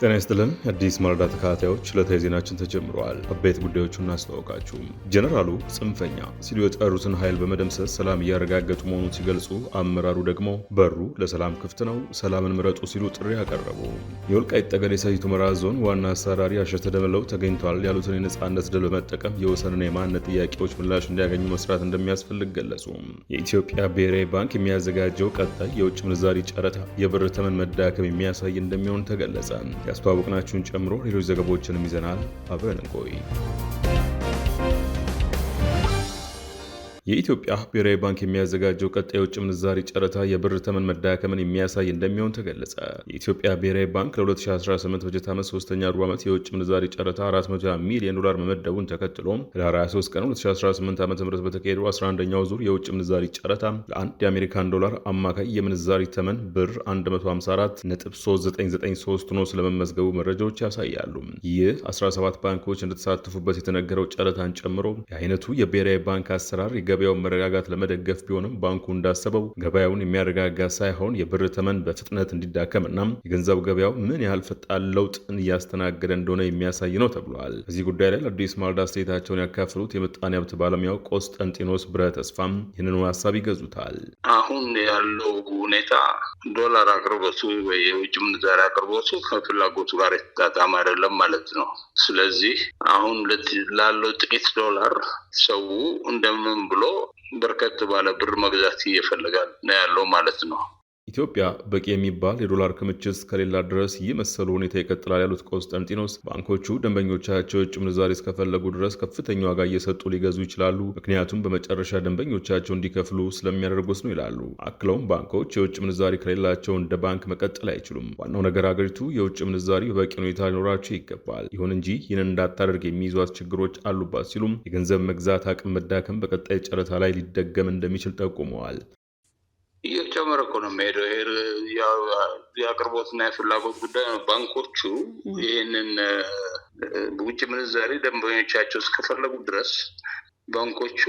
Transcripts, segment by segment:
ጤና ይስጥልን አዲስ ማለዳ ተከታታዮች፣ ዕለታዊ ዜናችን ተጀምረዋል። አበይት ጉዳዮቹን እናስተዋወቃችሁ። ጀነራሉ ጽንፈኛ ሲሉ የጠሩትን ኃይል በመደምሰስ ሰላም እያረጋገጡ መሆኑን ሲገልጹ፣ አመራሩ ደግሞ በሩ ለሰላም ክፍት ነው፣ ሰላምን ምረጡ ሲሉ ጥሪ አቀረቡ። የወልቃይት ጠገዴ ሰቲት ሁመራ ዞን ዋና አስተዳዳሪ አሸተ ደምለው ያሉትን የነፃነት ድል በመጠቀም የወሰንና የማንነት ጥያቄዎች ምላሽ እንዲያገኙ መስራት እንደሚያስፈልግ ገለጹ። የኢትዮጵያ ብሔራዊ ባንክ የሚያዘጋጀው ቀጣይ የውጭ ምንዛሪ ጨረታ የብር ተመን መዳከም የሚያሳይ እንደሚሆን ተገለጸ። ያስተዋወቅናችሁን ጨምሮ ሌሎች ዘገባዎችንም ይዘናል። አብረን እንቆይ። የኢትዮጵያ ብሔራዊ ባንክ የሚያዘጋጀው ቀጣይ የውጭ ምንዛሪ ጨረታ የብር ተመን መዳከምን የሚያሳይ እንደሚሆን ተገለጸ። የኢትዮጵያ ብሔራዊ ባንክ ለ2018 በጀት ዓመት ሶስተኛ ሩብ ዓመት የውጭ ምንዛሪ ጨረታ 400 ሚሊዮን ዶላር መመደቡን ተከትሎም ለ23 ቀን 2018 ዓ ም በተካሄደው 11ኛው ዙር የውጭ ምንዛሪ ጨረታ ለአንድ የአሜሪካን ዶላር አማካይ የምንዛሪ ተመን ብር 154.3993 ሆኖ ስለመመዝገቡ መረጃዎች ያሳያሉ። ይህ 17 ባንኮች እንደተሳተፉበት የተነገረው ጨረታን ጨምሮ የአይነቱ የብሔራዊ ባንክ አሰራር የገበያውን መረጋጋት ለመደገፍ ቢሆንም ባንኩ እንዳሰበው ገበያውን የሚያረጋጋ ሳይሆን የብር ተመን በፍጥነት እንዲዳከም እና የገንዘብ ገበያው ምን ያህል ፈጣን ለውጥን እያስተናገደ እንደሆነ የሚያሳይ ነው ተብሏል። በዚህ ጉዳይ ላይ ለአዲስ ማለዳ አስተያየታቸውን ያካፍሉት የምጣኔ ሀብት ባለሙያው ቆስጠንጢኖስ ብረ ተስፋም ይህንኑ ሀሳብ ይገዙታል። አሁን ያለው ሁኔታ ዶላር አቅርቦቱ ወይ የውጭ ምንዛሪ አቅርቦቱ ከፍላጎቱ ጋር የተጣጣም አይደለም ማለት ነው። ስለዚህ አሁን ላለው ጥቂት ዶላር ሰው እንደምን ብሎ ብሎ በርከት ባለ ብር መግዛት እየፈለጋል ነው ያለው ማለት ነው። ኢትዮጵያ በቂ የሚባል የዶላር ክምችት እስከሌላ ድረስ ይህ መሰሉ ሁኔታ ይቀጥላል ያሉት ቆስጠንጢኖስ ባንኮቹ ደንበኞቻቸው የውጭ ምንዛሬ እስከፈለጉ ድረስ ከፍተኛ ዋጋ እየሰጡ ሊገዙ ይችላሉ፣ ምክንያቱም በመጨረሻ ደንበኞቻቸው እንዲከፍሉ ስለሚያደርጉት ነው ይላሉ። አክለውም ባንኮች የውጭ ምንዛሬ ከሌላቸው እንደ ባንክ መቀጠል አይችሉም። ዋናው ነገር አገሪቱ የውጭ ምንዛሬ በበቂ ሁኔታ ሊኖራቸው ይገባል። ይሁን እንጂ ይህን እንዳታደርግ የሚይዟት ችግሮች አሉባት ሲሉም የገንዘብ መግዛት አቅም መዳከም በቀጣይ ጨረታ ላይ ሊደገም እንደሚችል ጠቁመዋል። እየጨመረ እኮ ነው የሚሄደው። ይሄ የአቅርቦትና የፍላጎት ጉዳይ ነው። ባንኮቹ ይህንን ውጭ ምንዛሬ ደንበኞቻቸው እስከፈለጉ ድረስ ባንኮቹ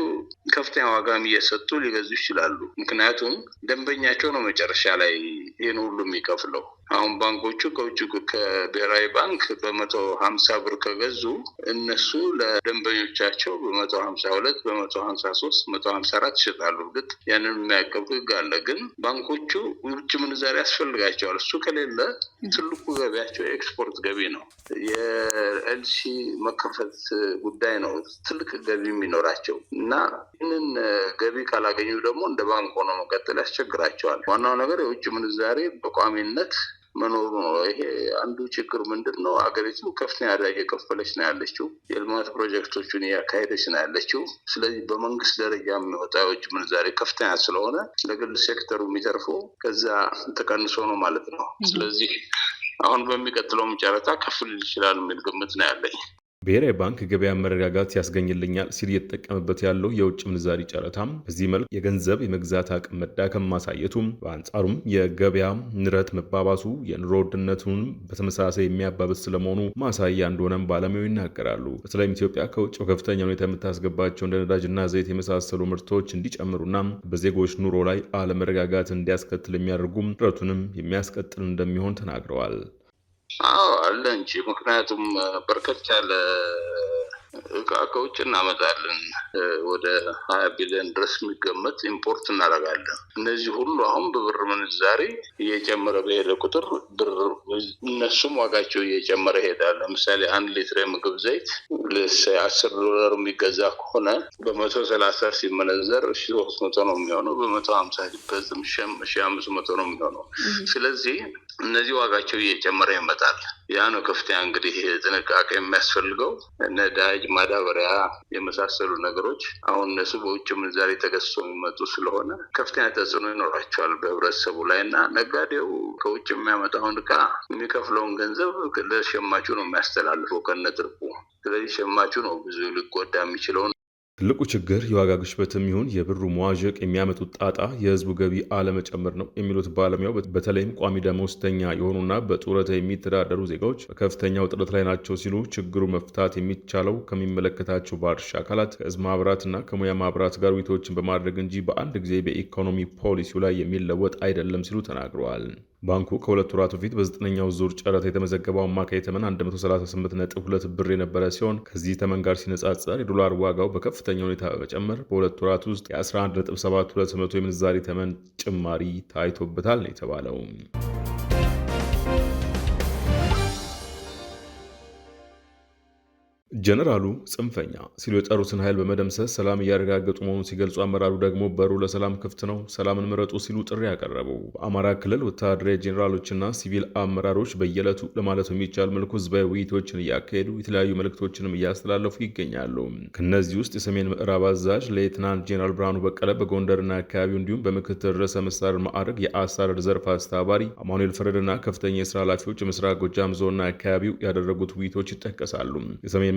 ከፍተኛ ዋጋም እየሰጡ ሊገዙ ይችላሉ። ምክንያቱም ደንበኛቸው ነው መጨረሻ ላይ ይህን ሁሉ የሚከፍለው። አሁን ባንኮቹ ከውጭ ከብሔራዊ ባንክ በመቶ ሀምሳ ብር ከገዙ እነሱ ለደንበኞቻቸው በመቶ ሀምሳ ሁለት በመቶ ሀምሳ ሶስት መቶ ሀምሳ አራት ይሸጣሉ። እርግጥ ያንን የሚያቀብ ህግ አለ። ግን ባንኮቹ ውጭ ምንዛሪ ያስፈልጋቸዋል። እሱ ከሌለ ትልቁ ገቢያቸው የኤክስፖርት ገቢ ነው። የኤልሲ መከፈት ጉዳይ ነው። ትልቅ ገቢ የሚኖር ያስቸግራቸው እና ይህንን ገቢ ካላገኙ ደግሞ እንደ ባንክ ሆኖ መቀጠል ያስቸግራቸዋል። ዋናው ነገር የውጭ ምንዛሬ በቋሚነት መኖሩ ነው። ይሄ አንዱ ችግር ምንድን ነው? አገሪቱ ከፍተኛ ዕዳ እየከፈለች ነው ያለችው። የልማት ፕሮጀክቶቹን እያካሄደች ነው ያለችው። ስለዚህ በመንግስት ደረጃ የሚወጣ የውጭ ምንዛሬ ከፍተኛ ስለሆነ ለግል ሴክተሩ የሚተርፈው ከዛ ተቀንሶ ነው ማለት ነው። ስለዚህ አሁን በሚቀጥለውም ጨረታ ከፍል ይችላል የሚል ግምት ነው ያለኝ። ብሔራዊ ባንክ ገበያ መረጋጋት ያስገኝልኛል ሲል እየተጠቀምበት ያለው የውጭ ምንዛሪ ጨረታ በዚህ መልክ የገንዘብ የመግዛት አቅም መዳከም ማሳየቱ፣ በአንጻሩም የገበያ ንረት መባባሱ የኑሮ ውድነቱን በተመሳሳይ የሚያባብስ ስለመሆኑ ማሳያ እንደሆነም ባለሙያው ይናገራሉ። በተለይም ኢትዮጵያ ከውጭ በከፍተኛ ሁኔታ የምታስገባቸው እንደ ነዳጅና ዘይት የመሳሰሉ ምርቶች እንዲጨምሩና በዜጎች ኑሮ ላይ አለመረጋጋት እንዲያስከትል የሚያደርጉም ንረቱንም የሚያስቀጥል እንደሚሆን ተናግረዋል። አዎ አለ እንጂ ምክንያቱም በርከት ያለ እቃ ከውጭ እናመጣለን። ወደ ሀያ ቢሊዮን ድረስ የሚገመት ኢምፖርት እናደርጋለን። እነዚህ ሁሉ አሁን በብር ምንዛሬ እየጨመረ በሄደ ቁጥር ብር እነሱም ዋጋቸው እየጨመረ ይሄዳል። ለምሳሌ አንድ ሊትር የምግብ ዘይት አስር ዶላር የሚገዛ ከሆነ በመቶ ሰላሳ ሲመነዘር ሺ ሶስት መቶ ነው የሚሆነው። በመቶ ሀምሳ ሲበዝም ሺ አምስት መቶ ነው የሚሆነው። ስለዚህ እነዚህ ዋጋቸው እየጨመረ ይመጣል። ያ ነው ከፍተኛ እንግዲህ ጥንቃቄ የሚያስፈልገው። ነዳጅ፣ ማዳበሪያ የመሳሰሉ ነገሮች አሁን እነሱ በውጭ ምንዛሬ ተገዝቶ የሚመጡ ስለሆነ ከፍተኛ ተጽዕኖ ይኖራቸዋል በህብረተሰቡ ላይ እና ነጋዴው ከውጭ የሚያመጣውን እቃ የሚከፍለውን ገንዘብ ለሸማቹ ነው የሚያስተላልፈው ከነትርፉ። ስለዚህ ሸማቹ ነው ብዙ ሊጎዳ የሚችለውን ትልቁ ችግር የዋጋ ግሽበትም ይሁን የብሩ መዋዠቅ የሚያመጡት ጣጣ የህዝቡ ገቢ አለመጨመር ነው የሚሉት ባለሙያው በተለይም ቋሚ ደመወዝተኛ የሆኑና በጡረታ የሚተዳደሩ ዜጋዎች በከፍተኛ ውጥረት ላይ ናቸው ሲሉ ችግሩ መፍታት የሚቻለው ከሚመለከታቸው ባለድርሻ አካላት ከህዝብ ማህበራትና ከሙያ ማህበራት ጋር ውይይቶችን በማድረግ እንጂ በአንድ ጊዜ በኢኮኖሚ ፖሊሲው ላይ የሚለወጥ አይደለም ሲሉ ተናግረዋል። ባንኩ ከሁለት ወራት በፊት በዘጠነኛው ዙር ጨረታ የተመዘገበው አማካይ ተመን 138.2 ብር የነበረ ሲሆን ከዚህ ተመን ጋር ሲነጻጸር የዶላር ዋጋው በከፍተኛ ሁኔታ በመጨመር በሁለት ወራት ውስጥ የ11.72 የምንዛሬ ተመን ጭማሪ ታይቶበታል ነው የተባለው። ጀነራሉ ጽንፈኛ ሲሉ የጠሩትን ኃይል በመደምሰስ ሰላም እያረጋገጡ መሆኑን ሲገልጹ አመራሩ ደግሞ በሩ ለሰላም ክፍት ነው፣ ሰላምን ምረጡ ሲሉ ጥሪ አቀረቡ። በአማራ ክልል ወታደራዊ ጀኔራሎችና ሲቪል አመራሮች በየዕለቱ ለማለት የሚቻል መልኩ ህዝባዊ ውይይቶችን እያካሄዱ የተለያዩ መልእክቶችንም እያስተላለፉ ይገኛሉ። ከእነዚህ ውስጥ የሰሜን ምዕራብ አዛዥ ሌትናንት ጀኔራል ብርሃኑ በቀለ በጎንደርና አካባቢው እንዲሁም በምክትል ርዕሰ መስተዳድር ማዕረግ የአሳረድ ዘርፍ አስተባባሪ አማኑኤል ፈረድና ከፍተኛ የስራ ኃላፊዎች የምስራቅ ጎጃም ዞንና አካባቢው ያደረጉት ውይይቶች ይጠቀሳሉ።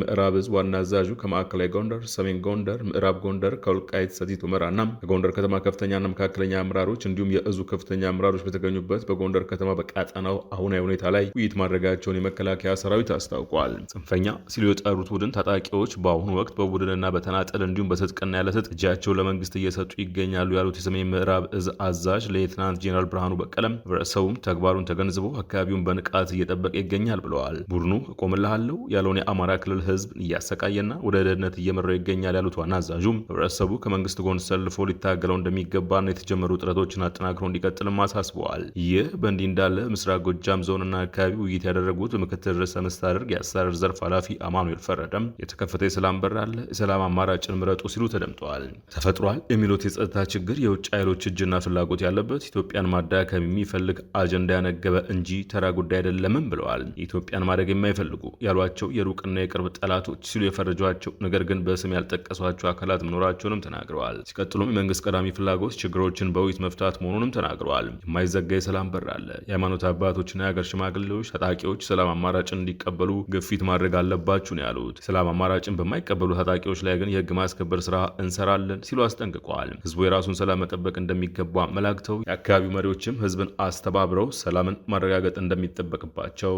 ምዕራብ እዝ ዋና አዛዡ ከማዕከላዊ ጎንደር፣ ሰሜን ጎንደር፣ ምዕራብ ጎንደር ከወልቃይት ሰቲት ሁመራ እና ከጎንደር ከተማ ከፍተኛና መካከለኛ አመራሮች እንዲሁም የእዙ ከፍተኛ አመራሮች በተገኙበት በጎንደር ከተማ በቀጠናው አሁናዊ ሁኔታ ላይ ውይይት ማድረጋቸውን የመከላከያ ሰራዊት አስታውቋል። ጽንፈኛ ሲሉ የጠሩት ቡድን ታጣቂዎች በአሁኑ ወቅት በቡድንና በተናጠል እንዲሁም በትጥቅና ያለ እጃቸውን ለመንግስት እየሰጡ ይገኛሉ ያሉት የሰሜን ምዕራብ እዝ አዛዥ ሌትናንት ጄኔራል ብርሃኑ በቀለም ህብረተሰቡም ተግባሩን ተገንዝቦ አካባቢውን በንቃት እየጠበቀ ይገኛል ብለዋል። ቡድኑ እቆምልሃለሁ ያለውን የአማራ ክልል ህዝብ ህዝብን እያሰቃየና ወደ ደህንነት እየመራው ይገኛል ያሉት ዋና አዛዡም ህብረተሰቡ ከመንግስት ጎን ሰልፎ ሊታገለው እንደሚገባ የተጀመሩ ጥረቶችን አጠናክሮ እንዲቀጥልም አሳስበዋል። ይህ በእንዲህ እንዳለ ምስራቅ ጎጃም ዞንና አካባቢ ውይይት ያደረጉት ምክትል ርዕሰ መስተዳድር የአስተዳደር ዘርፍ ኃላፊ አማኑኤል ፈረደም የተከፈተ የሰላም በር አለ፣ የሰላም አማራጭን ምረጡ ሲሉ ተደምጠዋል። ተፈጥሯል የሚሉት የጸጥታ ችግር የውጭ ኃይሎች እጅና ፍላጎት ያለበት ኢትዮጵያን ማዳከም የሚፈልግ አጀንዳ ያነገበ እንጂ ተራ ጉዳይ አይደለምም ብለዋል። ኢትዮጵያን ማደግ የማይፈልጉ ያሏቸው የሩቅና የቅርብ ጠ ጠላቶች ሲሉ የፈረጇቸው ነገር ግን በስም ያልጠቀሷቸው አካላት መኖራቸውንም ተናግረዋል። ሲቀጥሉም የመንግስት ቀዳሚ ፍላጎት ችግሮችን በውይይት መፍታት መሆኑንም ተናግረዋል። የማይዘጋ የሰላም በር አለ። የሃይማኖት አባቶችና የሀገር ሽማግሌዎች ታጣቂዎች ሰላም አማራጭን እንዲቀበሉ ግፊት ማድረግ አለባችሁ ነው ያሉት። ሰላም አማራጭን በማይቀበሉ ታጣቂዎች ላይ ግን የህግ ማስከበር ስራ እንሰራለን ሲሉ አስጠንቅቀዋል። ህዝቡ የራሱን ሰላም መጠበቅ እንደሚገባ አመላክተው የአካባቢው መሪዎችም ህዝብን አስተባብረው ሰላምን ማረጋገጥ እንደሚጠበቅባቸው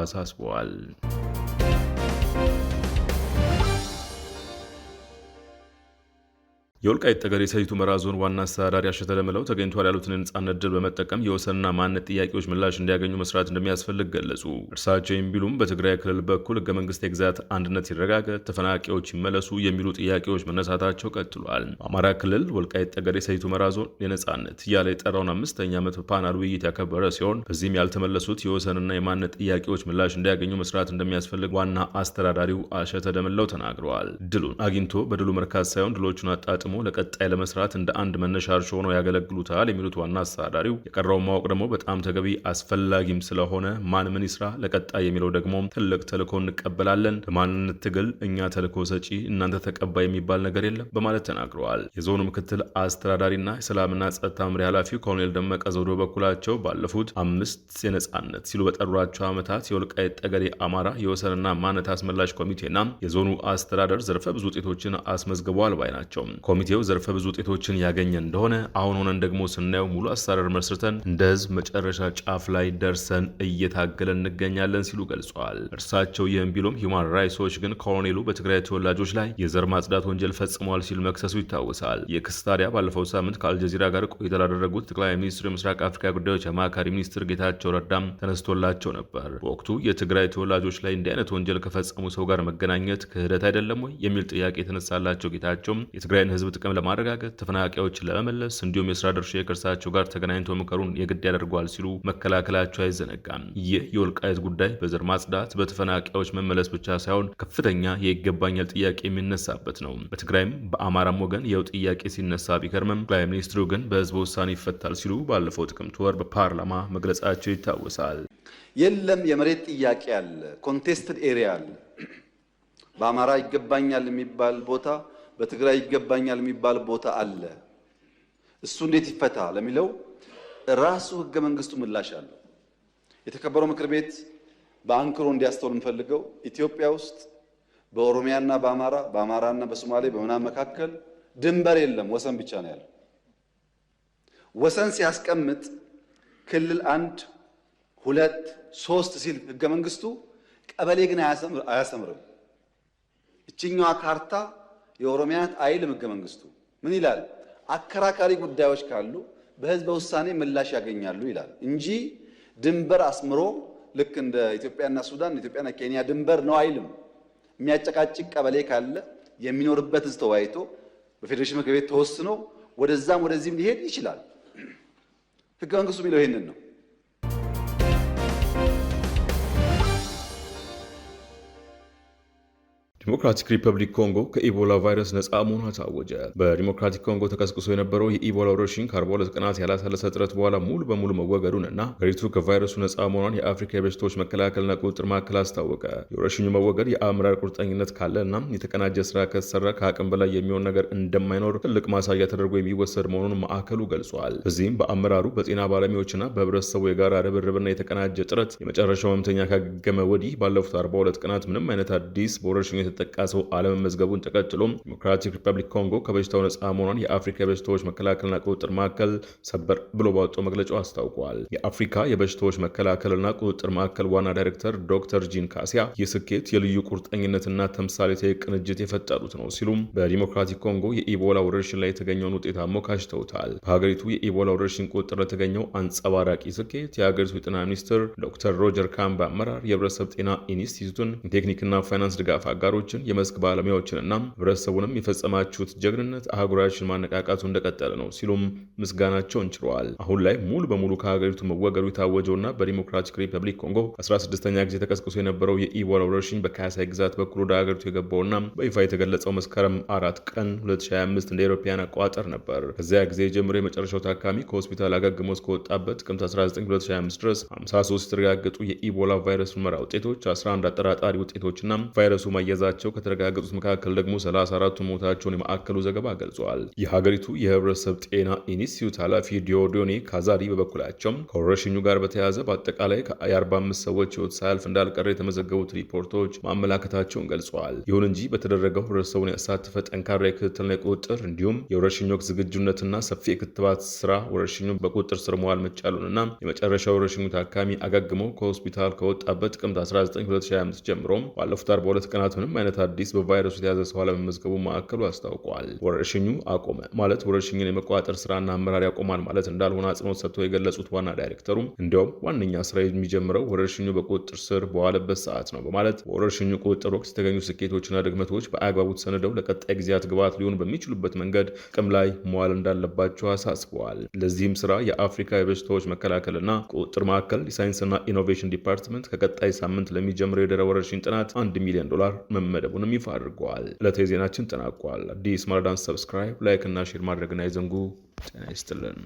አሳስበዋል። የወልቃይት ጠገዴ ሰቲት ሁመራ ዞን ዋና አስተዳዳሪ አሸተ ደምለው ተገኝቷል ያሉትን የነጻነት ድል በመጠቀም የወሰንና ማንነት ጥያቄዎች ምላሽ እንዲያገኙ መስራት እንደሚያስፈልግ ገለጹ። እርሳቸው የሚሉም በትግራይ ክልል በኩል ህገ መንግስት የግዛት አንድነት ሲረጋገጥ ተፈናቂዎች ይመለሱ የሚሉ ጥያቄዎች መነሳታቸው ቀጥሏል። በአማራ ክልል ወልቃይት ጠገዴ ሰቲት ሁመራ ዞን የነጻነት እያለ የጠራውን አምስተኛ ዓመት ፓናል ውይይት ያከበረ ሲሆን በዚህም ያልተመለሱት የወሰንና የማንነት ጥያቄዎች ምላሽ እንዲያገኙ መስራት እንደሚያስፈልግ ዋና አስተዳዳሪው አሸተ ደምለው ተናግረዋል። ድሉን አግኝቶ በድሉ መርካት ሳይሆን ድሎቹን አጣጥሞ ደግሞ ለቀጣይ ለመስራት እንደ አንድ መነሻ እርሾ ሆነው ያገለግሉታል የሚሉት ዋና አስተዳዳሪው የቀረውን ማወቅ ደግሞ በጣም ተገቢ አስፈላጊም ስለሆነ ማን ምን ይስራ ለቀጣይ የሚለው ደግሞ ትልቅ ተልእኮ እንቀበላለን። ለማንነት ትግል እኛ ተልእኮ ሰጪ፣ እናንተ ተቀባይ የሚባል ነገር የለም በማለት ተናግረዋል። የዞኑ ምክትል አስተዳዳሪና የሰላምና ጸጥታ መምሪያ ኃላፊ ኮሎኔል ደመቀ ዘውዶ በኩላቸው ባለፉት አምስት የነጻነት ሲሉ በጠሯቸው ዓመታት የወልቃይት ጠገዴ አማራ የወሰንና ማነት አስመላሽ ኮሚቴና የዞኑ አስተዳደር ዘርፈ ብዙ ውጤቶችን አስመዝግበዋል ባይ ናቸው። ኮሚቴው ዘርፈ ብዙ ውጤቶችን ያገኘ እንደሆነ አሁን ሆነን ደግሞ ስናየው ሙሉ አሰራር መስርተን እንደ ህዝብ መጨረሻ ጫፍ ላይ ደርሰን እየታገለን እንገኛለን ሲሉ ገልጸዋል። እርሳቸው ይህም ቢሉም ሂውማን ራይትስ ዎች ግን ኮሎኔሉ በትግራይ ተወላጆች ላይ የዘር ማጽዳት ወንጀል ፈጽመዋል ሲል መክሰሱ ይታወሳል። የክስ ታዲያ ባለፈው ሳምንት ከአልጀዚራ ጋር ቆይታ ላደረጉት ጠቅላይ ሚኒስትር የምስራቅ አፍሪካ ጉዳዮች አማካሪ ሚኒስትር ጌታቸው ረዳም ተነስቶላቸው ነበር። በወቅቱ የትግራይ ተወላጆች ላይ እንዲህ አይነት ወንጀል ከፈጸሙ ሰው ጋር መገናኘት ክህደት አይደለም ወይ የሚል ጥያቄ የተነሳላቸው ጌታቸውም የትግራይን ህዝብ ጥቅም ለማረጋገጥ ተፈናቃዮችን ለመመለስ እንዲሁም የስራ ድርሻ ከእርሳቸው ጋር ተገናኝቶ መከሩን የግድ ያደርገዋል ሲሉ መከላከላቸው አይዘነጋም። ይህ የወልቃየት ጉዳይ በዘር ማጽዳት በተፈናቃዮች መመለስ ብቻ ሳይሆን ከፍተኛ የይገባኛል ጥያቄ የሚነሳበት ነው። በትግራይም በአማራም ወገን የው ጥያቄ ሲነሳ ቢከርምም ጠቅላይ ሚኒስትሩ ግን በህዝብ ውሳኔ ይፈታል ሲሉ ባለፈው ጥቅምት ወር በፓርላማ መግለጻቸው ይታወሳል። የለም የመሬት ጥያቄ አለ፣ ኮንቴስትድ ኤሪያ አለ። በአማራ ይገባኛል የሚባል ቦታ በትግራይ ይገባኛል የሚባል ቦታ አለ። እሱ እንዴት ይፈታ ለሚለው ራሱ ህገ መንግስቱ ምላሽ አለው። የተከበረው ምክር ቤት በአንክሮ እንዲያስተውል የምፈልገው ኢትዮጵያ ውስጥ በኦሮሚያና በአማራ በአማራና በሶማሌ በምናምን መካከል ድንበር የለም፣ ወሰን ብቻ ነው ያለው። ወሰን ሲያስቀምጥ ክልል አንድ ሁለት ሶስት ሲል ህገ መንግስቱ ቀበሌ ግን አያሰምርም። እችኛዋ ካርታ የኦሮሚያ አይልም ህገ መንግስቱ። ምን ይላል? አከራካሪ ጉዳዮች ካሉ በህዝበ ውሳኔ ምላሽ ያገኛሉ ይላል እንጂ ድንበር አስምሮ ልክ እንደ ኢትዮጵያና ሱዳን ኢትዮጵያና ኬንያ ድንበር ነው አይልም። የሚያጨቃጭቅ ቀበሌ ካለ የሚኖርበት ህዝብ ተወያይቶ በፌዴሬሽን ምክር ቤት ተወስኖ ወደዛም ወደዚህም ሊሄድ ይችላል። ህገ መንግስቱ የሚለው ይሄንን ነው። ዲሞክራቲክ ሪፐብሊክ ኮንጎ ከኢቦላ ቫይረስ ነፃ መሆኗ ታወጀ። በዲሞክራቲክ ኮንጎ ተቀስቅሶ የነበረው የኢቦላ ወረርሽኝ ከ42 ቀናት ያላሳለሰ ጥረት በኋላ ሙሉ በሙሉ መወገዱን እና ሀገሪቱ ከቫይረሱ ነፃ መሆኗን የአፍሪካ የበሽታዎች መከላከልና ቁጥጥር ማዕከል አስታወቀ። የወረርሽኙ መወገድ የአመራር ቁርጠኝነት ካለ እና የተቀናጀ ስራ ከተሰራ ከአቅም በላይ የሚሆን ነገር እንደማይኖር ትልቅ ማሳያ ተደርጎ የሚወሰድ መሆኑን ማዕከሉ ገልጿል። በዚህም በአመራሩ በጤና ባለሙያዎችና በህብረተሰቡ የጋራ ርብርብና የተቀናጀ ጥረት የመጨረሻው ህመምተኛ ካገገመ ወዲህ ባለፉት 42 ቀናት ምንም አይነት አዲስ በወረርሽኙ የተጠቃሰው አለመመዝገቡን ተከትሎ ዲሞክራቲክ ሪፐብሊክ ኮንጎ ከበሽታው ነፃ መሆኗን የአፍሪካ የበሽታዎች መከላከልና ቁጥጥር ማዕከል ሰበር ብሎ ባወጣው መግለጫው አስታውቋል። የአፍሪካ የበሽታዎች መከላከልና ቁጥጥር ማዕከል ዋና ዳይሬክተር ዶክተር ጂን ካሲያ ይህ ስኬት የልዩ ቁርጠኝነትና ተምሳሌታዊ ቅንጅት የፈጠሩት ነው ሲሉም በዲሞክራቲክ ኮንጎ የኢቦላ ወረርሽኝ ላይ የተገኘውን ውጤት አሞካሽተውታል። በሀገሪቱ የኢቦላ ወረርሽኝ ቁጥጥር ለተገኘው አንጸባራቂ ስኬት የሀገሪቱ የጤና ሚኒስትር ዶክተር ሮጀር ካምባ አመራር የህብረተሰብ ጤና ኢንስቲትዩቱን ቴክኒክና ፋይናንስ ድጋፍ አጋሮች ባለሙያዎችን የመስክ ባለሙያዎችንና ህብረተሰቡንም የፈጸማችሁት ጀግንነት አህጉራችን ማነቃቃቱ እንደቀጠለ ነው ሲሉም ምስጋናቸውን ችለዋል። አሁን ላይ ሙሉ በሙሉ ከሀገሪቱ መወገዱ የታወጀውና በዲሞክራቲክ ሪፐብሊክ ኮንጎ 16ኛ ጊዜ ተቀስቅሶ የነበረው የኢቦላ ወረርሽኝ በካሳይ ግዛት በኩል ወደ ሀገሪቱ የገባውና በይፋ የተገለጸው መስከረም አራት ቀን 2025 እንደ አውሮፓውያን አቆጣጠር ነበር። ከዚያ ጊዜ ጀምሮ የመጨረሻው ታካሚ ከሆስፒታል አገግሞ እስከወጣበት ጥቅምት 19 2025 ድረስ 53 የተረጋገጡ የኢቦላ ቫይረስ ምርመራ ውጤቶች፣ 11 አጠራጣሪ ውጤቶችና ቫይረሱ መያዛ። መገደላቸው ከተረጋገጡት መካከል ደግሞ 34ቱ ሞታቸውን የማዕከሉ ዘገባ ገልጿል። የሀገሪቱ የህብረተሰብ ጤና ኢንስቲትዩት ኃላፊ ዲዮዶኒ ካዛሪ በበኩላቸው ከወረርሽኙ ጋር በተያያዘ በአጠቃላይ የ45 ሰዎች ህይወት ሳያልፍ እንዳልቀረ የተመዘገቡት ሪፖርቶች ማመላከታቸውን ገልጿል። ይሁን እንጂ በተደረገው ህብረተሰቡን ያሳተፈ ጠንካራ የክትትልና የቁጥጥር እንዲሁም የወረርሽኝ ወቅት ዝግጁነትና ሰፊ የክትባት ስራ ወረርሽኙ በቁጥጥር ስር መዋል መቻሉንና የመጨረሻ ወረርሽኙ ታካሚ አጋግመው ከሆስፒታል ከወጣበት ጥቅምት 19 2025 ጀምሮም ባለፉት 42 ቀናት ምንም አይነት አዲስ በቫይረሱ የተያዘ ሰው አለመመዝገቡ ማዕከሉ አስታውቋል። ወረርሽኙ አቆመ ማለት ወረርሽኝን የመቆጣጠር ስራና አመራር ያቆማል ማለት እንዳልሆነ አጽንኦት ሰጥተው የገለጹት ዋና ዳይሬክተሩም እንዲያውም ዋነኛ ስራ የሚጀምረው ወረርሽኙ በቁጥጥር ስር በዋለበት ሰዓት ነው በማለት በወረርሽኙ ቁጥጥር ወቅት የተገኙ ስኬቶችና ድግመቶች በአግባቡ ተሰንደው ለቀጣይ ጊዜያት ግብዓት ሊሆኑ በሚችሉበት መንገድ ጥቅም ላይ መዋል እንዳለባቸው አሳስበዋል። ለዚህም ስራ የአፍሪካ የበሽታዎች መከላከልና ቁጥጥር ማዕከል የሳይንስና ኢኖቬሽን ዲፓርትመንት ከቀጣይ ሳምንት ለሚጀምረው የደረ ወረርሽኝ ጥናት አንድ ሚሊዮን ዶላር መመ መደቡንም ይፋ አድርገዋል። ዕለታዊ ዜናችን ጠናቋል። አዲስ ማለዳን ሰብስክራይብ፣ ላይክ እና ሼር ማድረግን አይዘንጉ። ጤና ይስጥልን።